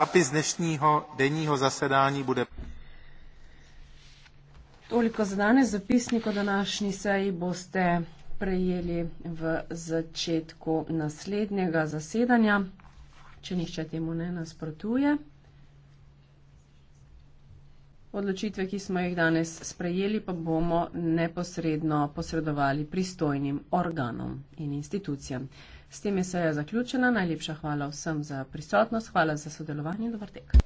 zápis dnešního denního zasedání bude. Toliko za danes zapisnik o današnji seji boste prejeli v začetku naslednjega zasedanja, če nihče temu ne nasprotuje. Odločitve, ki smo jih danes sprejeli, pa bomo neposredno posredovali pristojnim organom in institucijam. S tem je seja zaključena. Najlepša hvala vsem za prisotnost, hvala za sodelovanje in dobr tek.